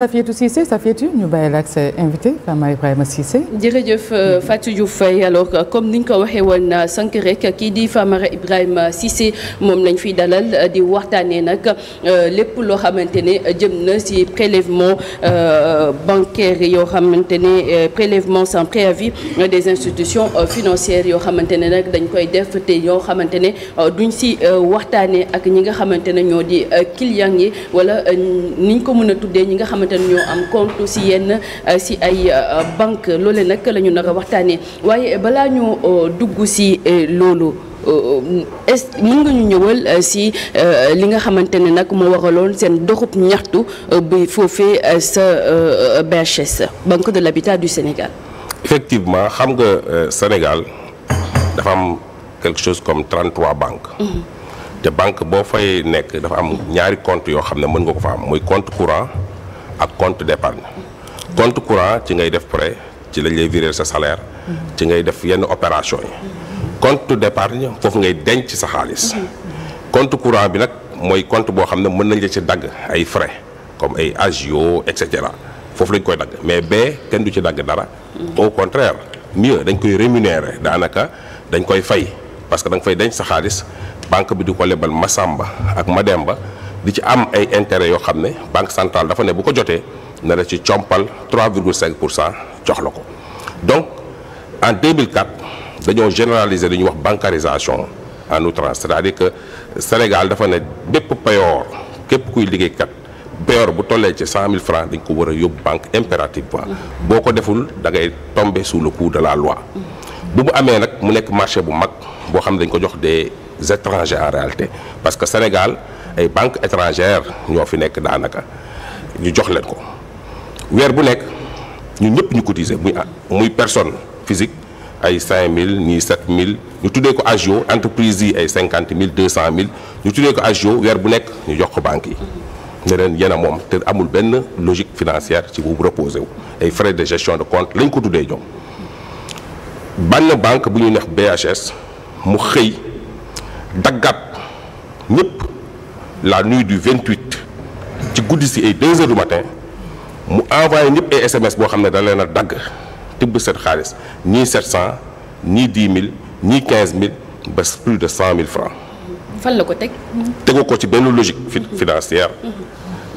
Safietou sa Safietou ñu bàyyi la ak sa invité Fama Ibrahima Cissé. jërëjëf euh, Fatou Diouf Faye alors euh, comme ni nga ko waxee woon euh, sànq rek kii di Fama Ibrahima Cissé moom lañ fiy dalal di waxtaanee nag lépp loo xamante ne jëm na ci prélèvement bancaire yoo xamante ne prélèvement sans préavis des institutions financières yoo xamante ne nag dañ koy def te yoo xamante ne duñ ci waxtaanee ak ñi nga xamante ne ñoo di client yi wala niñ ko mën a tuddee ñi nga xamante xamante ne ñoo am compte si yenn si euh, ay euh, banque loole nag lañu ñu nar waxtaanee waaye euh, balaa ñu dugg si loolu est mën nga ñu ñëwal si li nga xamante ne nag moo waraloon seen doxub ñaxtu bi foofee sa BHS Banque de l'Habitat du Sénégal. effectivement xam nga Sénégal dafa am quelque chose comme 33 banques. Mm-hmm. te banque boo fay nekk dafa am ñaari compte yoo xam ne mën nga ko fa am muy compte courant. ak compte d'épargne compte courant ci ngay def prêt ci lañ lay virer sa salaire ci ngay def yenn opération yi compte d'épargne foofu ngay denc sa xaalis compte courant bi nag mooy compte boo xam ne mën nañ ci dagg ay frais comme ay agio et cetera foofu lañ koy dagg mais bee kenn du ci dagg dara au contraire mieux dañ koy rémunérer daanaka dañ koy fay parce que da nga fay denc sa xaalis banque bi di ko lebal sàmba ak ma demba di ci am ay intérêt yoo xam ne banque centrale dafa ne bu ko jotee ne la ci compal 3,5 pour cent jox la ko donc en 2004 dañoo généraliser li ñuy wax bancarisation en outrance c'est-à-dire que Sénégal dafa ne bépp payoor képp kuy liggéey kat payoor bu tollee ci 100 000 francs dañ ko war a yóbbu banque impérativement boo ko deful dangay ngay tomber sous le coup de la loi bu mu amee nag mu nekk marché bu mag boo xam ne dañ ko jox des étrangers en réalité parce que Sénégal ay banques étrangères ñoo fi nekk daanaka ñu jox leen ko weer bu nekk ñu ñëpp ñu cotiser muy muy personne physique ay ni ñii 7000 ñu tuddee ko agio entreprise yi ay 50 000 200 000 ñu tuddee ko agio weer bu nekk ñu jox ko banque yi ne leen yéen moom te amul benn logique financière ci boobu reposé wu ay frais de gestion de compte lañ ko tuddee ñoom benn banque bu ñuy neex BHS mu xëy daggat ñépp la nuit du 28 ci guddi si ay 2 heures du matin mu envoyé ñëpp ay SMS boo xam ne da leen a dagg tibb seen xaalis ñii 700 ñii 10 000 ñii 15 000 ba plus de 100 000 francs. fan la ko teg. tegu ko ci benn logique financière.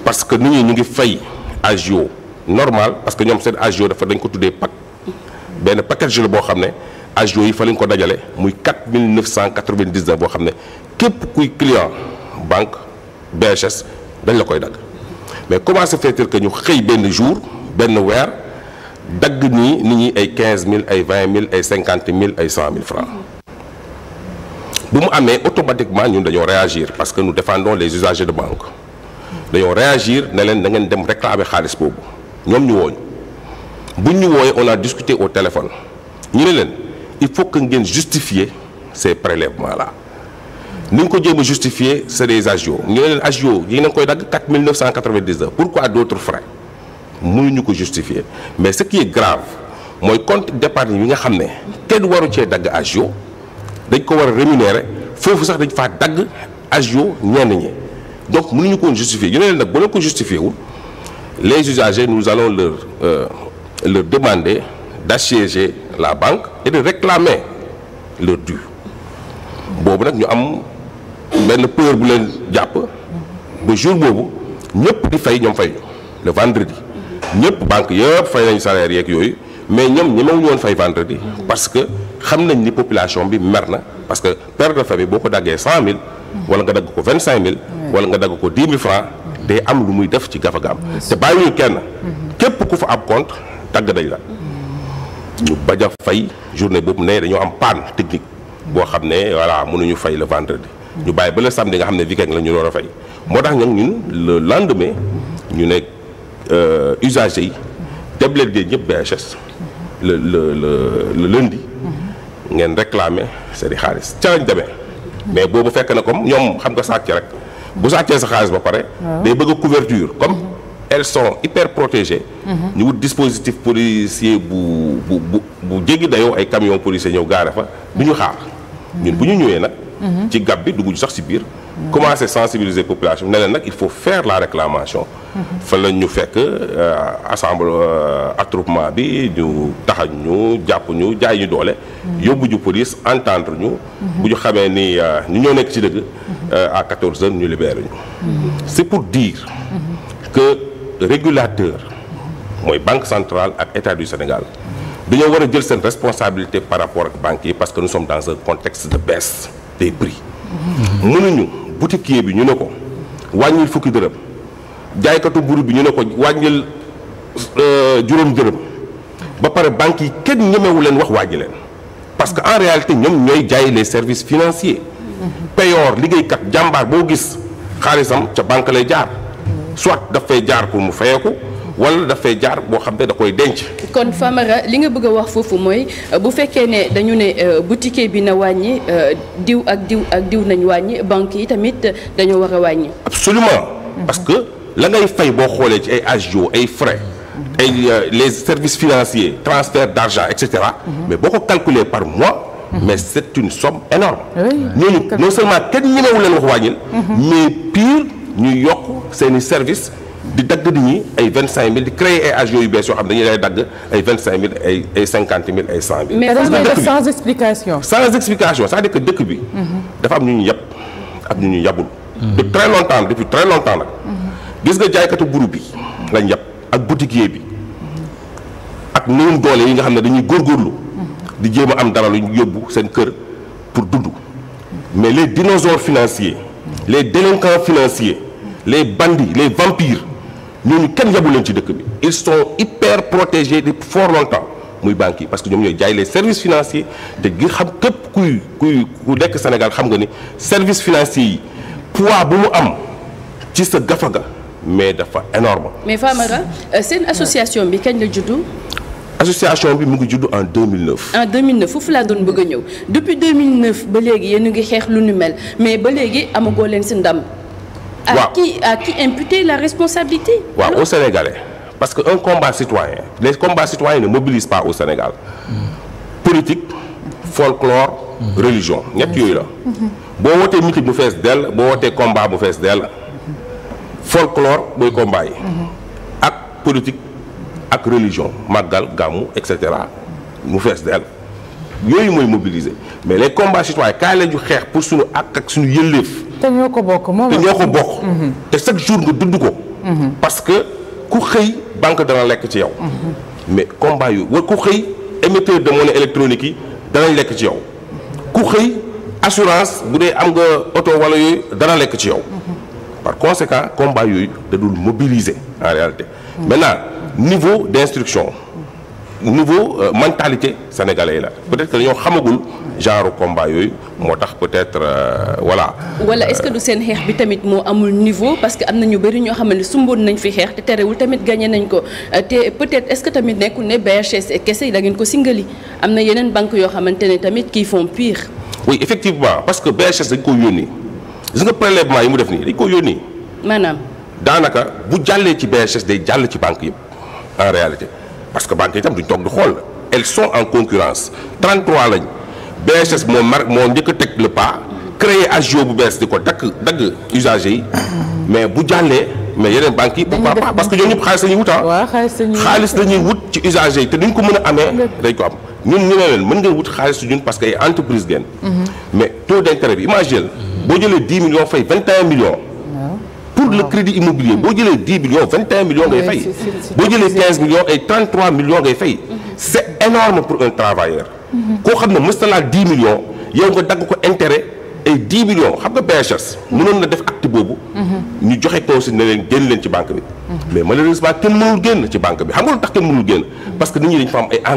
parce que nit ñi ñu ngi fay agio normal parce que ñoom seen agio dafa dañ ko tuddee pack benn package la boo xam ne agio yi fa lañ ko dajale muy 4999 boo xam ne képp kuy client banque. BHS dañ la koy dagg mais comment se fait que ñu xëy benn jour benn weer dagg nii nit ñi ay 15000 ay 20000 ay mille ay 100000 francs bu mu amee automatiquement ñun dañoo réagir parce que nous défendons les usagers de banque dañoo réagir ne leen da ngeen dem réclamer xaalis boobu ñoom ñu wooñu buñ ñu wooyee on a discuté au téléphone ñu ne leen il faut que ngeen justifier ces prélèvements là ni nga ko jéem a justifier c'est des agios ñu ne leen agio yi nañ koy dagg 4999 pourquoi d'autres frais mënuñu ko justifier mais ce qui est grave mooy compte d'épargne bi nga xam ne kenn waru cee dagg agio dañ ko war a rémunérer foofu sax dañ faa dagg agio ñenn ñi donc mënuñu ko woon justifier ñu ne leen nag bu leen ko justifier wul les usagers nous allons leur euh, leur demander d'assiéger la banque et de réclamer leur dû boobu nag ñu am benn peur bu leen jàpp ba jour boobu ñëpp di fay ñoom fay ñu le vendredi ñëpp banque yëpp fay nañu salaire yeeg yooyu mais ñoom ñemewuñu woon fay vendredi parce que xam nañ ni population bi mer na parce que père de famille boo ko daggee cent mille wala nga dagg ko vingt cinq mille wala nga dagg ko dix mille francs day am lu muy def ci gafagaam te bàyyiwuñu kenn mm-hmm. képp ku fa ab compte tagg dañ la mm-hmm. ñu bañ a fay journée boobu ne dañoo am panne technique boo xam ne voilà mënuñu fay le vendredi ñu bàyyi ba le samedi nga xam ne weekend la ñu door a fay moo tax nag ñun le lendemain ñu nekk euh, usagers yi dem leen dee BHS le la le le lundi ngeen réclamer seen i xaalis ca lañ demee mais boobu fekk na comme ñoom xam nga sàcc rek bu sàccee sa xaalis ba pare day bëgg couverture comme elles sont hyper protégées mhm. ñu wut dispositif policier bu bu bu bu dayoo ay camion policier ñëw gaare fa du ñu xaar ñun bu ñu ñëwee nag Mm-hmm. ci gàpp bi dugguñu sax si biir. Mm-hmm. commencé sensibiliser population ne leen nag il faut faire la réclamation. Mm-hmm. fa la ñu fekk euh, assemble euh, attroupement bi ñu taxañ ñu jàpp ñu jaay ñu doole. yóbbu ñu police entendre ñu. bu ñu xamee ni ñu euh, ñoo nekk ci dëgg. à 14 heures ñu libéré ñu. pour dire. que régulateur. mooy banque centrale ak état du Sénégal. dañoo war a jël seen responsabilité par rapport ak banques yi parce que nous sommes dans un contexte de baisse. des prix mënuñu boutiquier bi ñu ne ko wàññil fukki dërëm jaaykatu mburu bi ñu ne ko wàññil euh, juróom dërëm ba pare banques yi kenn ñemewu leen wax wàññi leen parce que en réalité ñoom ñooy jaay service services financiers payor liggéeykat jàmbaar boo gis xaalisam ca banque lay jaar soit daf fay jaar pour mu fayeeku wala dafay jaar boo xam ne da koy denc. kon Famara li nga bëgg a wax foofu mooy euh, bu fekkee ne dañu ne euh, boutique bi na wàññi euh, diw ak diw ak diw nañ wàññi banque yi tamit dañoo war a wàññi. absolument mhm. parce que la ngay fay boo xoolee ci ay agios ay frais. Mhm. ay les services financiers transfert d'argent et cetera. Mhm. mais boo ko calculer par mois. mais c'est une somme énorme ñooñu non seulement kenn ñemewu leen wax wàññil. mais pire ñu yokk seeni service di dagg nit ñi ay vingt cinq mille di créer ay agios yu bees yoo xam dañuy lay dagg ay vingt cinq mille ay ay cinquante mille ay cent mille. mais sans explication. dëkk bi. dafa am ñu ñu yab am ñu ñu yabul. de très longtemps depuis très longtemps nag. gis nga jaaykatu buru bi lañ yab ak boutiquier bi ak néew doole yi nga xam ne dañuy góorgóorlu. di jéem am dara lu ñu yóbbu seen kër pour dund. mais les dinosaures financiers. les délinquants financiers. les bandits les vampires. ñooñu kenn yabu leen ci dëkk bi ils sont hyper protégés de fort longtemps muy banques yi parce que ñoom ñooy jaay les services financiers te gi xam képp kuy kuy ku nekk Sénégal xam nga ni services financiers yi poids bu mu am ci sa gafaga mais dafa énorme mais Famara euh, seen association bi kañ la juddu. association bi mu ngi judd en 2009. en 2009 foofu laa doon bëgg a ñëw depuis 2009 ba léegi yéen ngi xeex lu nu mel mais ba léegi amagoo leen si ndam. waaw à qui imputer la responsabilité. waaw au Sénégalais parce que un combat citoyen les combats citoyens ne mobilisent pas au Sénégal. politique folklore religion ñett yooyu la. boo wootee meeting bu fees dell boo wootee combat bu fees dell folklore mooy combat yi. ak politique ak religion màggal gàmmu et cetera mu fees dell yooyu mooy mobiliser mais les combats citoyens kaay la xeex pour suñu àq ak suñu yëlleef. te ñoo ko bokk moom te ñoo ko mhm. te chaque jour nga dund ko. Mhm. parce que ku xëy banque dana lekk ci yow. Mhm. mais combat yu war ku xëy émetteur de monnaie électronique yi danañ lekk ci yow. ku xëy assurance bu dee am nga oto wala yooyu dana lekk ci yow. par conséquent combat yooyu da mobiliser en réalité. maintenant niveau d' instruction. niveau euh, mentalité sénégalais la peut-être que dañoo xamagul genre combat yooyu moo tax peut-être euh, voilà. wala est-ce du seen xeex bi tamit moo amul niveau parce que am na ñu bëri ñoo xamante ne sumboon nañ fi xeex te terewul tamit gagné nañ ko euh, te peut-être est-ce que tamit nekkul ne BHS kese da ngeen ko singali am na yeneen banque yoo xamante ne tamit qui font pire. oui effectivement parce que BHS dañ ko yónni gis nga prélèvement yi mu def nii dañ ko yónni. maanaam. daanaka bu jàllee ci BHS day jàll ci banque yëpp réalité. parce que banque yi tam duñ toog di xool elles sont en concurrence 33 lañ BHS moo mar moo njëkk a teg le pas créer agio bu bees di ko dakk dagg usager yi mais bu jàllee mais yeneen banques yi pourquoi pas parce que ñoom ñëpp xaalis la wut ah xaalis la wut ci usager yi te duñ ko mën a amee dañ ko am ñun ñu ne leen mën ngeen wut xaalis su ñun parce que ay entreprise ngeen mhm. mais taux d'intérêt bi imagine boo jëlee 10 millions fay millions pour le crédit immobilier boo jëlee 10 millions 21 millions ngay fay boo jëlee 15 millions ay 33 millions ngay fay c'est énorme pour un travailleur koo xam ne mës na laa 10 yow nga dagg ko intérêt ay 10 millions xam nga BHS mënoon na def acte boobu ñu joxe consigne ne leen génn leen ci banque bi mais malheureusement kenn mënul génn ci banque bi xam nga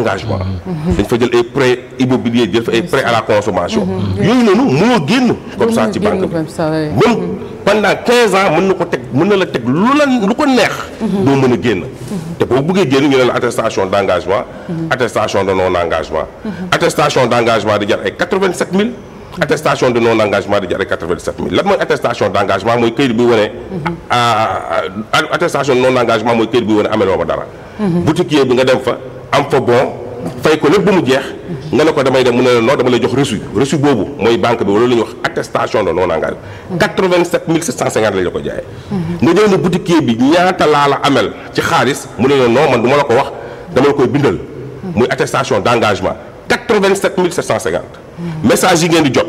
dañ fa jël ay prêt immobilier jël fa ay prêt à la consommation yooyu noonu mënoo génn comme pendant 15 ans mën na ko teg mën na la teg lu la lu ko neex. doo mën a génn. te boo bëggee génn ñu ne la attestation d' engagement. Mhm. attestation de non engagement. Mhm. attestation d' engagement di jar ay 87000. Mhm. attestation de non engagement di jar ay 87000 lan mooy attestation d' engagement mooy këyit bi wane. Ah, ah, ah, attestation de non engagement mooy këyit bi wane ameloo ma dara. boutiquier bi nga dem fa am fa bon. fay ko lépp ba mu jeex nga ne ko damay dem mu ne la non dama lay jox reçu reçu boobu mooy banque bi wala lu wax attestation de non engagement. 87 ko jaayee. nga jël ne boutiquier bi ñaata laa la amel ci xaalis mu ne la non man du la ko wax dama la koy bindal. muy attestation d' message yi ngeen di jot.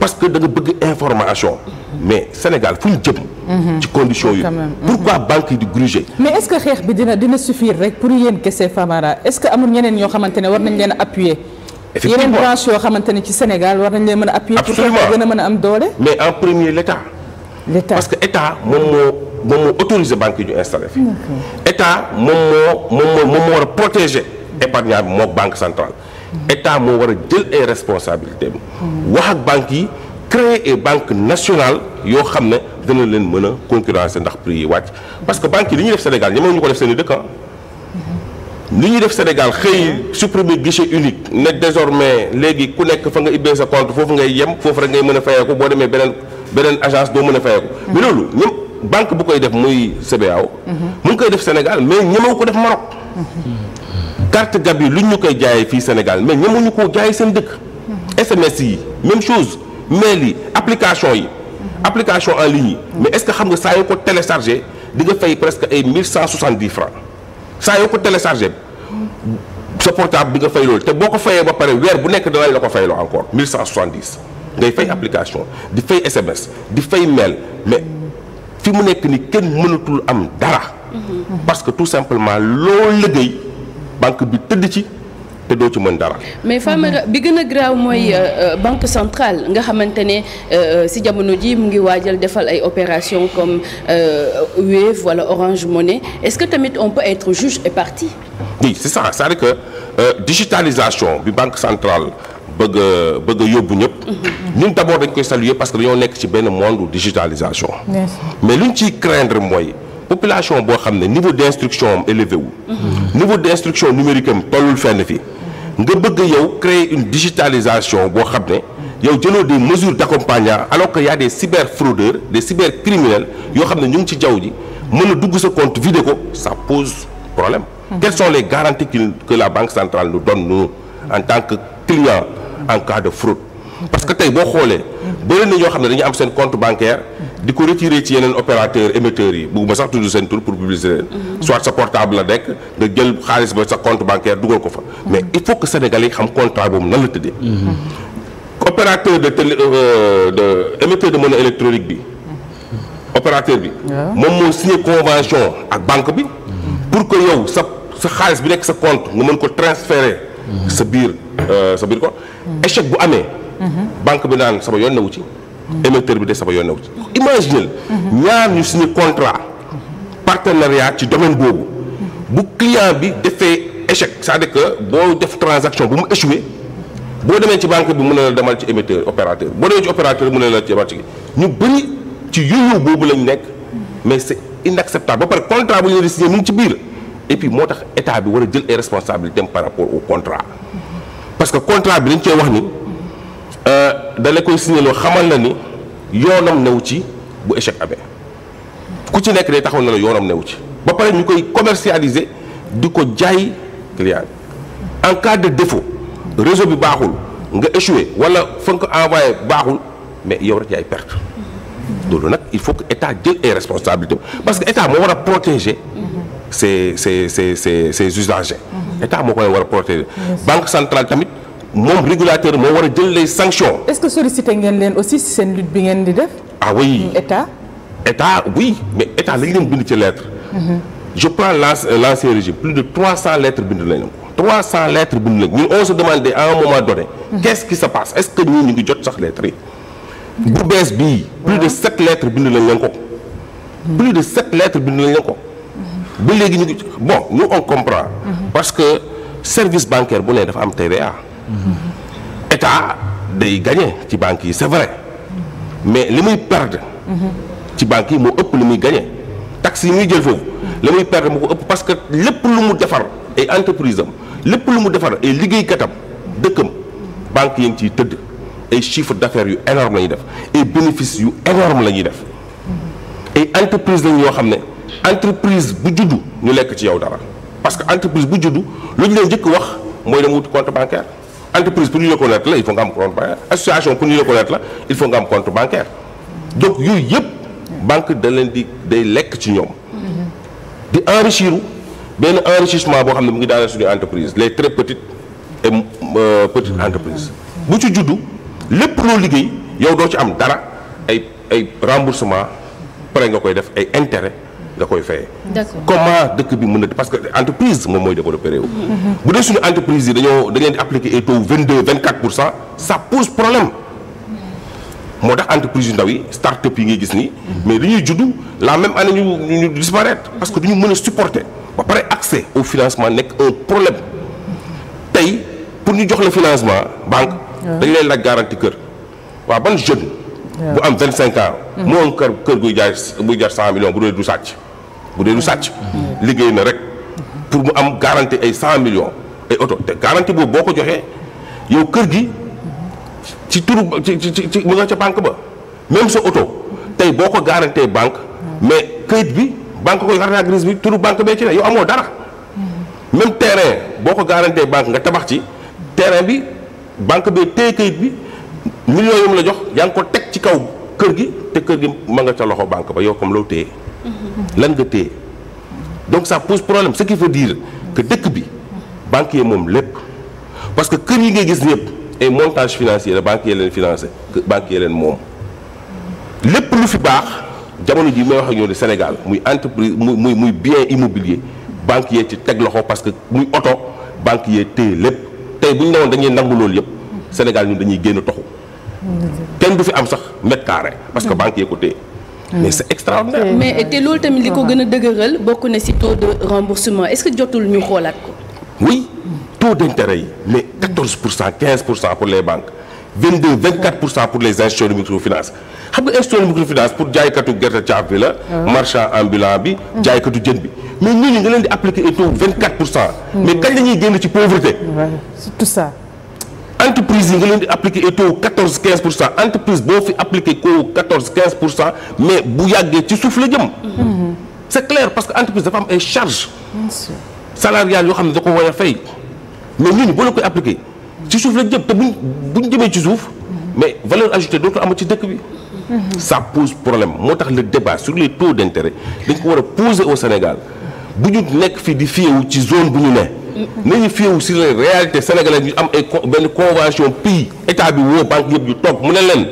parce que da nga bëgg information. mais Sénégal fu ñu jëm. ci condition yi mm-hmm. pourquoi banque yi di gruger. mais est ce que xeex bi dina dina suffire rek pour yéen kese Famara est ce que amul ñeneen ñoo xamante ne war nañ leen appuyer. effectivement yeneen branche yoo xamante ne ci Sénégal war nañ leen mën a appuyer. pour que gën a mën a am doole. mais en premier l' état. l' état parce que état moom moo moom moo autorisé banque yi ñu installé fi. moom moo moom moo moom moo war a protéger épargnant bi banque centrale. état moo war a jël ay responsabilités wax ak banque yi créer ay banque nationale yoo xam ne dana leen mën a concurrencer ndax prix yi wàcc parce que banques yi li ñuy def Sénégal ñoom ñu ko def seen i dëkk ah. li ñuy def Sénégal xëy supprimer guichet unique ne désormais léegi ku nekk fa nga ibbee sa compte foofu ngay yem foofu rek ngay mën a fayeeku boo demee beneen beneen agence doo mën a fayeeku mm-hmm. mais loolu ñoom banque bu koy def muy CBAO mm-hmm. mu ngi koy def carte gab lu ñu koy jaayee fii Sénégal mais ñemuñu koo jaay seen dëkk. SMS yi même chose mais yi application yi. application en ligne yi. mais est-ce que xam nga saa yoo ko téléchargé di nga fay presque ay mille cent soixante-dix francs saa yoo ko téléchargé sa portable bi nga fay loolu te boo ko fayee ba pare weer bu nekk danañ la ko fayloo encore mille cent soixante-dix ngay fay application di fay SMS di fay mail mais fi mu nekk ni kenn mënatul am dara. Mm-hmm. parce que tout simplement loo liggéey. banque bi tëdd ci te doo ci mën dara. mais Famara mhm. bi gën a graaw mooy euh, euh, banque centrale nga xamante ne euh, si jamono ji mu ngi waajal defal ay opération comme Wave wala Orange Money est-ce que tamit on peut être juge et partie. oui c'est ça cest à que euh, digitalisation bi banque centrale bëgg bëgg a yóbbu ñëpp. Mhm. ñun d'abord dañ koy saluer parce que dañoo nekk ci benn monde digitalisation. mais luñ ciy craindre mooy. population boo xam ne niveau d' instruction am élevé wu. niveau d' instruction numérique am tollul fenn fii. nga bëgg yow créer une digitalisation boo xam ne. yow jëloo des mesures d' accompagnement alors que y' a des cyberfraudeurs des cybercriminels yoo xam ne ñu ngi ci jaww ji mën a dugg sa compte vidé ko ça pose problème. quelles sont les garanties que la banque centrale nous donne nous en tant que client en cas de fraude. parce que tey boo xoolee. bëri na ñoo xam ne dañu am seen compte bancaire. di ko retirer ci yeneen opérateur émetteurs yi bugguma sax tudd seen tur pour publicité mhm. soit sa portable la nekk nga jël xaalis ba sa compte bancaire dugal ko fa mhm. mais il faut que sénégalais yi xam contrat boobu nan la tëddee mhm. opérateur de télé euh, de émetteur de monnaie électronique bi opérateur bi moom moo signé convention ak banque bi pour ko yow sa sa xaalis bi nekk sa compte nga mën ko transférer sa biir euh, sa biir ko échec bu amee banque bi naan sama yoon newu ci émetteur bi de sama yoon na imaginez ñaar ñu suñu contrat partenariat ci domaine boobu bu client bi defee échec cest à que boo def transaction bu mu échoué boo demee ci banque bi mën na la demal ci émetteur opérateur boo demee ci opérateur mën na la demal ci ñu bëri ci yooyu boobu lañu nekk mais c'est inacceptable ba pare contrat bu ñu leen signé mu ngi ci biir et puis moo tax état bi war a jël ay dem par rapport au contrat parce que contrat bi dañ cee wax ni. Euh, dala koy signaloo xamal na ni yoonam newu ci bu échec amee ku ci nekk day taxaw na la yoonam newu ci ba pare ñu koy commercialiser di ko jaay client en cas de défaut réseau bi baaxul nga échoué wala fa nga envoyé baaxul mais yow rek yaay perte loolu nag il faut que état jël ay responsabilités parce que état moo war a protéger mm-hmm. ses ses ses ses ses usagers mm-hmm. état moo koy war a protéger banque centrale tamit moom régulateur moo war a jël les sanctions. est-ce que sollicité ngeen leen aussi seen lutte bi ngeen di def. ah oui mm, état. état oui mais état lañu leen bind ci lettre. Mm-hmm. je prends euh, l'ancien régime plus de 300 lettres bind nañu ko 300 lettres bind nañu ñun se demandait ko. Mm-hmm. plus de 7 lettres bind nañu leen ko. Mm-hmm. ba léegi ñu ngi bon nous on comprend. parce que service bancaire bu ne dafa am TVA. Mhm. état day gagné ci banques yi c'est mais li muy perdre ci banque yi moo ëpp li muy gagné taxes yi muy jël foofu li muy perdre moo ko ëpp parce que lépp lu mu defar ay entreprise am lépp lu mu defar ay liggéeykatam dëkkam banque yi ngi ciy tëdd ay chiffre d'affaires yu énorme la def ay bénéfices yu énorme la ñuy def ay entreprise lañ yoo xam ne entreprise bu juddu ñu lekk ci yow dara parce que entreprise bu juddu lu ñu leen njëkk wax mooy dem wut compte bancaire entreprise pour ñu reconnaître la il faut nga am compte bancaire association pour ñu reconnaître la il faut nga am compte bancaire donc yooyu yëpp banque da leen di day lekk ci ñoom di enrichir benn enrichissement boo xam ne mu ngi daaneel suñu entreprise les très petites et euh, petites entreprises bu ci juddu lépp loo liggéey yow doo ci am dara ay ay remboursement pare nga koy def ay intérêt da koy fay. comment dëkk bi mun na parce que entreprise moom mooy développé réew. bu dee suñu entreprise yi dañoo dañ leen di appliquer ay vingt deux vingt quatre pour cent ça pose problème. moo tax entreprise yu ndaw yi start up yi ngay gis nii. mais li ñuy juddu la même année ñu ñu disparaître parce que duñu mën a supporter ba pare accès au financement nekk un problème tey pour ñu jox la financement banque. Ah. dañ lay laaj garantie kër waaw ban jeune. Ah. bu am moo am kër kër guy jaar buy jaar cent millions bu bu dee du sàcc. liggéey na rek pour mu am garante ay cent millions ay oto te garantie boobu boo ko joxee yow kër gi ci turu ci ci ci mu ca banque ba même sa oto tey boo ko garantee banque mais këyit bi banque koy carte grise bi turu banque bee ci ne yow amoo dara même terrain boo ko garantee banque nga tabax ci terrain bi banque bee téye këyit bi millions yi mu la jox yaa ngi ko teg ci kaw kër gi te kër gi ma nga ca loxo banque ba yow comme loo téye. lan nga téye donc ça pose problème ce qui veut dire que dëkk bi banquier moom lépp parce que kër yi ngay gis ñëpp ay montage financier la banquier leen financé banquier leen moom lépp lu fi baax jamono ji mooy wax ak ñoo Sénégal muy entreprise muy muy muy bien immobilier banquier ci teg loxo parce que muy oto banquier téye lépp tey bu ñu newoon dañuy nangu loolu yëpp Sénégal ñun dañuy génn toxu kenn du fi am sax mètre carré parce que banquier ko téye mais c'est extraordinaire. mais te loolu tamit li ko gën a dëgëral bokk na ci taux de remboursement est-ce que jotul ñu xoolaat ko. oui taux d'intérêt yi mais 14 pour cent 15 pour cent les banques 22 24 pour cent pour les institutions de microfinance xam nga institution de microfinance pour jaaykatu gerte caaf bi la. Ah marchand ambulant bi. jaaykatu jën bi mais ñooñu nga leen di appliquer un taux 24 pour cent. Mm. mais kañ la ñuy génn ci pauvreté. entreprise yi nga leen di appliqué et taux 14 15 pour cent entreprise boo fi appliqué ko 14 15 pour cent mais bu yàggee ci suuf la jëm. Mm-hmm. c'est clair parce que entreprise dafa am ay charges. bien yoo xam ne da ko war a fay mais ñun boo la koy appliqué ci suuf la jëm te bu ñu jëmee ci suuf. Mm-hmm. mais valeur ajoutée dootul am ci dëkk bi. sa mm-hmm. pose problème moo tax le débat sur les taux d'intérêt dañ ko war a poser au Sénégal bu ñu nekk fii di fiyewu ci zone bu ñu ne. nañu féewu sur les réalités sénégalaises ñu am ay benn convention pays état bi woo banque yëpp ñu toog mu ne leen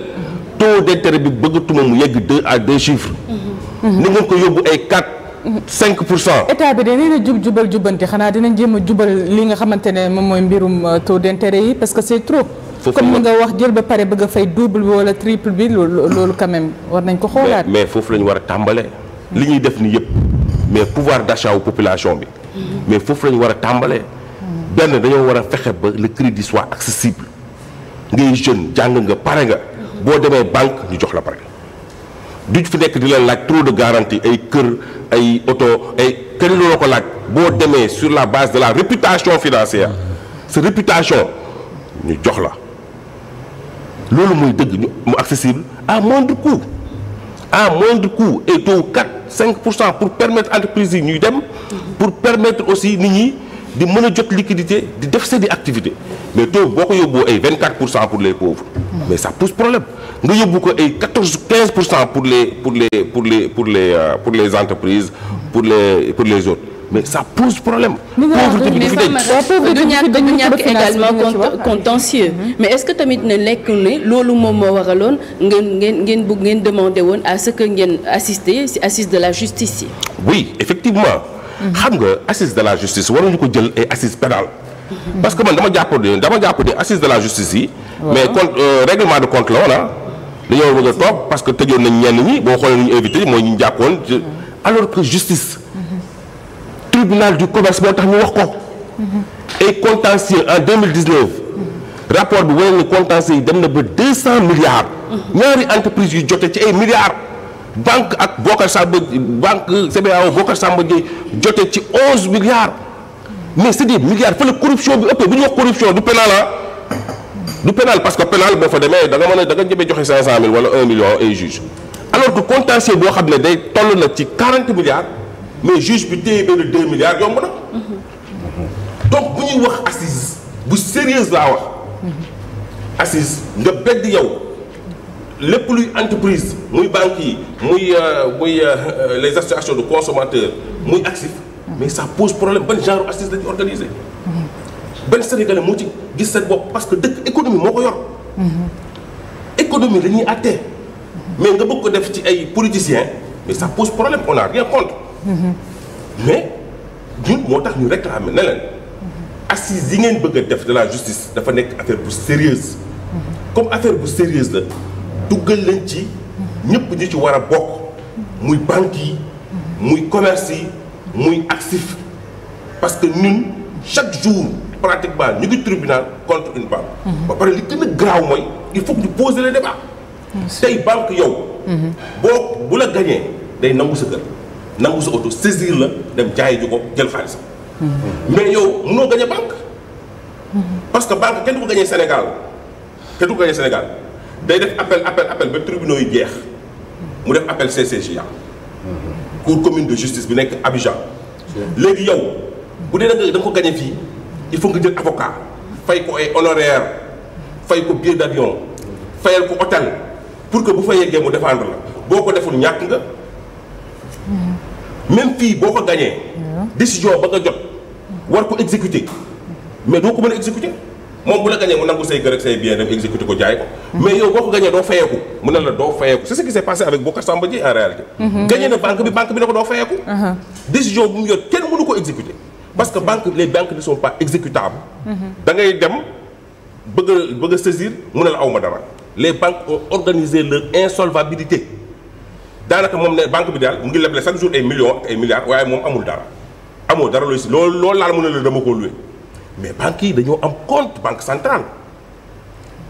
taux d'intérêt bi bëggatuma mu yegg deux à deux chiffres mm-hmm. ni ngeen ko yóbbu ay quatre mm-hmm. cinq pour cent. état bi de nee na jub jubal jubanti xanaa dinañ jéem a jubal li nga xamante ne moom mooy mbirum euh, taux d'intérêt yi parce que c'est trop. comme ni nga wax jël ba pare bëgg a fay double wala triple bi loolu loolu war nañ ko xoolaat. mais foofu la ñu war a tàmbale li ñuy def nii yëpp mais pouvoir d'achat wu population bi. mais foofu la war a tàmbalee. benn dañoo war a fexe ba le crédit soit accessible ngay jeune jàng nga pare nga. boo demee banque ñu jox la pare. duñ fi nekk di la laaj trop de garantie ay kër ay oto ay kër yi ko laaj boo demee sur la base de la réputation financière sa réputation ñu jox la loolu mooy dëgg ñu mu accessible à moindre coût à moindre coût et taux kat cinq pour cent pour permettre entreprise yi ñuy dem pour permettre aussi ni ñi di mën a jot liquidité di def seen i activité mais taux boo ko yóbbu ay vingt quatre pour cent pour les pauvres mais ça pose problème nga yóbbu ko ay quatorze quinze pour cent pour les pour les pour les pour les euh, pour les entreprises pour les pour les autres mais ça pose problème. pauvreté bi dafa dañ du ñàkk également contentieux. Mhm. mais est-ce que tamit ne lekk ne loolu moom moo waraloon ngeen ngeen ngeen bëgg ngeen demandé woon à ce que ngeen assister ci assise de la justice yi. oui effectivement. xam nga assise de la justice waruñu ko jël ay assise pénale mhm. parce que man dama jàpp ne dama jàpp ne assise de la justice yi. mais con euh, règlement de compte la woon ah. dañoo bëgg a toog parce que tëjoon nañ ñenn ñi boo xoolee ñu tribunal du commerce moo tax mu wax ko. et contentieux en 2019. rapport bi wane ni contentieux yi dem na ba 200 milliards. ñaari entreprise yu jote ci ay milliards. banque ak Bocar Samba banque CBAO Bocar Samba Dièye jote ci 11 milliards. mais c'est des milliards fa la corruption bi ëppee bu ñu wax corruption du pénal du pénal parce que pénal boo fa demee da nga mën a da nga joxe 500000 wala 1 million ay juge alors que contentieux boo xam ne day toll na ci 40 milliards. mais juge bi téye benn deux milliards yomb na. donc bu ñuy wax assise bu sérieuse laa wax. assise nga bedd yow lépp luy entreprise muy banques yi muy euh, muy euh, euh, les associations de consommateurs muy actif mais sax pose problème ban genre assise la ñu organisé. benn moo ci gis seen bopp parce que dëkk économie moo ko yor. économie la ñuy mais nga bëgg ko def ci ay politiciens mais ça pose problème on a rien contre. Mm-hmm. mais ñun moo tax ñu réclamer ne leen mm-hmm. assises yi ngeen bëgg def de la justice dafa nekk affaire bu sérieuse mm-hmm. comme affaire bu sérieuse la duggal leen ci ñëpp ñu ci war a bokk muy banque yi muy commerce yi muy actif parce que ñun chaque jour pratiquement ñu ngi tribunal contre une banque ba pare li gën graaw mooy il faut que ñu poser le débat tey banque yow boo bu la gañee day nangu sa nangu sa oto saisir la dem jaayi ju ko jël xaalisam. mais yow mënoo gañe banque. parce que banque kenn du ko gañe Sénégal kenn du ko gañe Sénégal day def appel appel appel ba tribunaux yi jeex mu def appel CCJA. cour commune de justice bi nekk Abidjan. léegi yow bu dee da nga ko gañe fii il faut nga jël avocat fay ko ay honoraire fay ko billet d'avion fayal ko hôtel pour que bu fa yeggee mu défendre la boo ko deful ñàkk nga. même fii boo ko gañee décision ba nga jot war ko exécuter mais doo ko mën a exécuter moom bu la gañee mu nangu say kër ak say bien dem exécuter ko jaay ko mais yow boo ko gañee doo fayeeku mu ne la doo fayeeku c'est mhm. uh-huh. bu mu yor kenn mënu ko exécuter parce que banque les banques ne sont pas exécutables uh-huh. da dem bëgg a bëgg a saisir mu ne la awma dara les banques ont organisé insolvabilité daanaka moom ne banque bi daal mu ngi leble chaque jour ay millions ak ay milliards waaye moom amul dara amoo dara loolu loolu laal mu ne la dama ko loué mais banques yi dañoo am compte banque centrale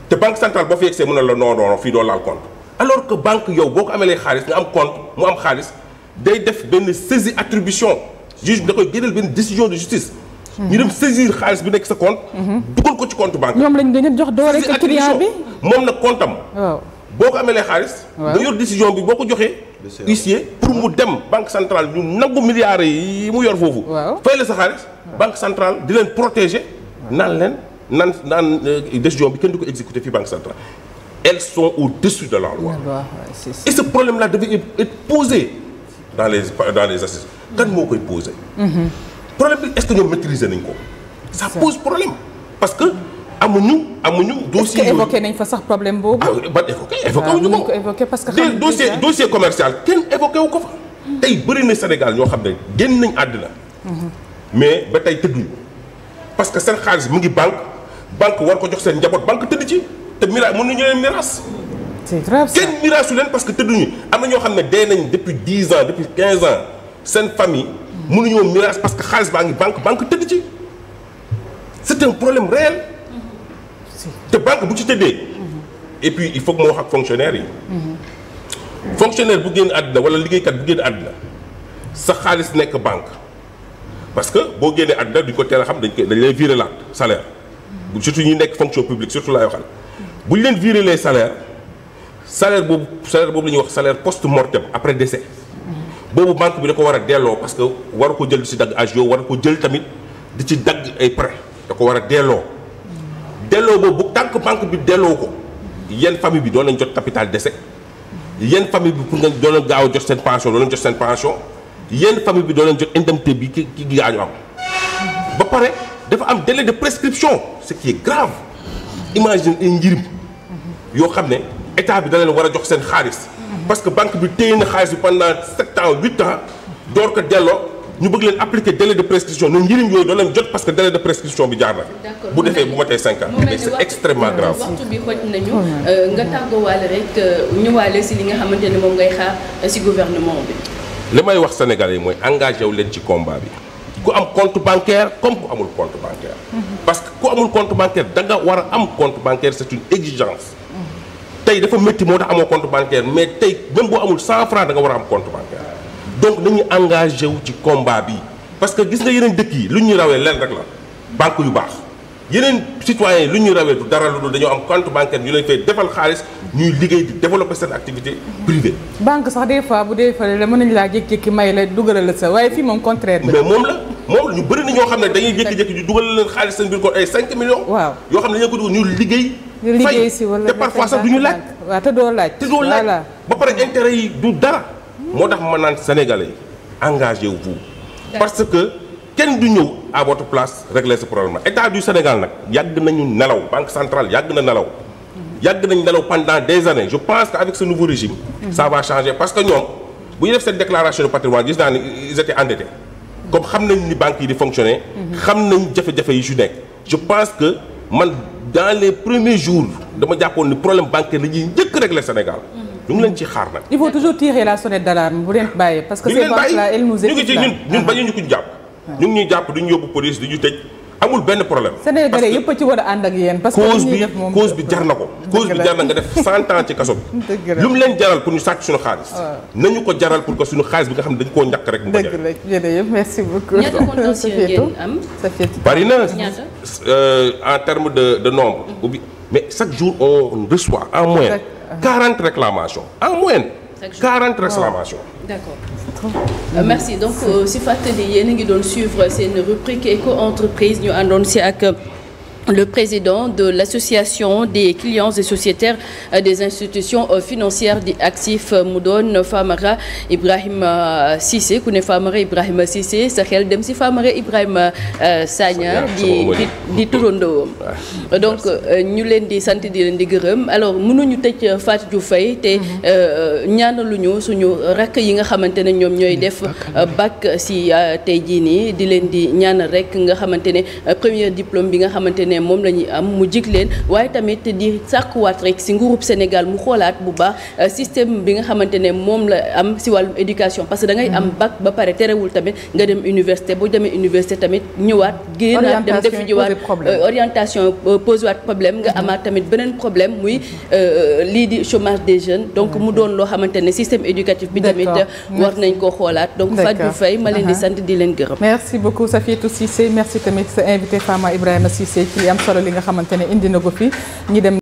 te banque centrale boo fi yegsee mu ne la non non fii doo laal compte alors que banque yow boo ko amee lay xaalis nga am compte mu am xaalis day def benn saisie attribution juge da koy génneel benn décision de justice ñu dem saisir xaalis bi nekk sa compte mhm. dugal ko ci compte banque ñoom lañ gën a jox doole client boo ko ameelee xaalis. nga yor décision bi boo ko joxee. huissier pour mu dem banque centrale ñu nangu milliards yi mu yor foofu. fay la sa xaalis. banque centrale di leen protéger. naan leen naan naan euh, décision bi kenn du ko exécuter fii banque centrale. elles sont au-dessus de la loi. Ouais, et ce problème-là devait être posé dans les dans les assises. kan moo koy posé. Mm-hmm. problème bi est que ñoom maîtriser nañ ko. ça pose problème parce que. amuñu amuñu. dossier yooyu est fa sax problème boobu. ah ban évoqué évoqué parce que. xam nañ dossier dossier commercial kenn évoqué wu ko fa. tey bëri na Sénégal ñoo xam ne génn nañ àddina. Mhm. mais ba tey tëdduñu parce que seen xaalis mu ngi banque banque war ko jox seen njaboot banque tëdd ci te mira mën nañu leen miraas. c'est grave ça leen parce que tëdduñu am na ñoo xam ne dee nañ depuis 10 ans depuis 15 ans seen famille. mënuñoo miraas parce que xaalis baa ngi banque banque tëdd ci c'est un problème réel. te banque bu ci tëddee. et puis il faut moo wax ak fonctionnaire yi. fonctionnaire bu génn àddina wala liggéeykat bu génn àddina sa xaalis nekk banque parce que boo génnee àddina duñ ko teel a xam dañ koy dañ lay virer laat salaire. surtout ñuy nekk fonction publique surtout laay waxal bu ñu leen virer les salaires salaire boobu salaire boobu la ñuy wax salaire post mortem après décès. boobu banque bi da ko war a delloo parce que waru ko jël di si dagg agio waru ko jël tamit di ci dagg ay prêt da ko war a delloo. delloo boobu tànk banque bi delloo ko yenn famille bi doon nañ jot capital décès yenn famille bi pour nga doon na gaaw jot seen pension doon nañ seen pension yenn famille bi doon nañ jot indemnité bi ki ki gaañu am. ba pare dafa am délai de prescription ce qui est grave imagine ay njirim yoo xam ne état bi da leen war a jox seen xaalis. parce que banque bi téye na xaalis bi pendant sept ans huit ans door ko delloo. ñu bëgg leen appliquer délai de prescription ñoom njëriñ yooyu doo leen jot parce que délai de prescription bi jaar na bu defee bu matee 5 ans mais c'est extrêmement grave waxtu bi xoj nañu euh, nga tàggowaale rek euh, si li nga xamante euh, gouvernement bi li may wax sénégal yi mooy engagé wu leen ci combat bi ku am compte bancaire comme ku amul compte bancaire mhm. parce que ku amul compte bancaire da nga war a am compte bancaire c'est une exigence mhm. tey dafa métti moo tax amoo compte bancaire mais tey même boo amul 100 francs da nga war am compte bancaire donc dañuy engagé wu ci combat bi parce que gis nga yeneen dëkk yi lu ñuy rawee leen rek la banque yu baax yeneen citoyens yi lu ñu rawee du dara lu dul dañoo am compte bancaire ñu leen fay defal xaalis ñuy liggéey di développer seen activité privée. banque sax des fois bu dee fële la mën nañu laa jékki-jékki may la dugalal la waaye fii moom contraire mais moom la moom ñu bëri na ñoo xam ne dañuy jékki-jékki ñu dugalal leen xaalis seen biir ko ay 5 millions. liggéey. liggéey si wala te parfois sax du ñu laaj. te doo laaj. te doo laaj ba pare intérêt yi dara moo tax ma naan sénégalais wu vous parce que kenn du ñëw à votre place régler ce problème état du Sénégal nag yàgg nañu nelaw banque centrale yàgg na nelaw yàgg nañu nelaw pendant des années je pense que avec ce nouveau régime ça va changer parce que ñoom bu ñu def cette déclaration de patrimoine gis naa ni ils étaient comme xam nañ ni banque yi di fonctionner mhm. xam nañ jafe-jafe yi su nekk je pense que man dans les premiers jours dama jàppoon ni problème bancaire la ñuy njëkk régler Sénégal mhm. lu mu leen ci xaar nag. il faut toujours tirer la sonnette que ces banques là elles nous écoutent là ah. ah. a ci war a ànd jaral pour ñu sàcc suñu xaalis. Ah. nañu ko jaral pour que suñu xaalis bi nga xam ne dañu koo ñàkk rek. mu ko jaral dëgg euh, en terme de de nombre. ou bien mais chaque jour on reçoit en moyenne. 40 réclamations en moyenne. 40 ah, réclamations. d'accord euh, merci donc euh, si fàttali yéen a ngi doon suivre seen rubrique éco entreprise ñu àndoon si ak. le président de l'association des clients et sociétaires euh, des institutions euh, financières di actif euh, mu doon Famara Ibrahima Cissé ku ne Famara Ibrahima Cissé sa xel dem si Famara Ibrahima Sagna di di turandoowam ah. donc ñu leen di sant di leen di gërëm alors mënuñu tëj Fatou ju fay te mhm. ñaanaluñu suñu rakk yi nga xamante ne ñoom ñooy mm, def bac si tey jii nii di leen di ñaanal rek nga xamante ne premier diplôme bi nga xamante ne ne moom la am mu jig leen waaye tamit di sàkkuwaat rek si nguurub Sénégal mu xoolaat bu baax euh, système bi nga xamante ne moom la am si wàllum éducation parce que da ngay am mm-hmm. bac ba pare terewul tamit nga dem université boo demee université tamit ñëwaat génnaat dem defi jiwaat orientation pose waat euh, euh, problème nga mm-hmm. amaat tamit beneen problème muy lii di chômage des jeune donc mu mm-hmm. doon loo xamante ne système éducatif bi tamit war nañ ko xoolaat donc Fatou Faye ma leen uh-huh. di leen gërëm merci beaucoup Safietou Ibrahima li am solo li nga xamante ne indi na ko fi ñi dem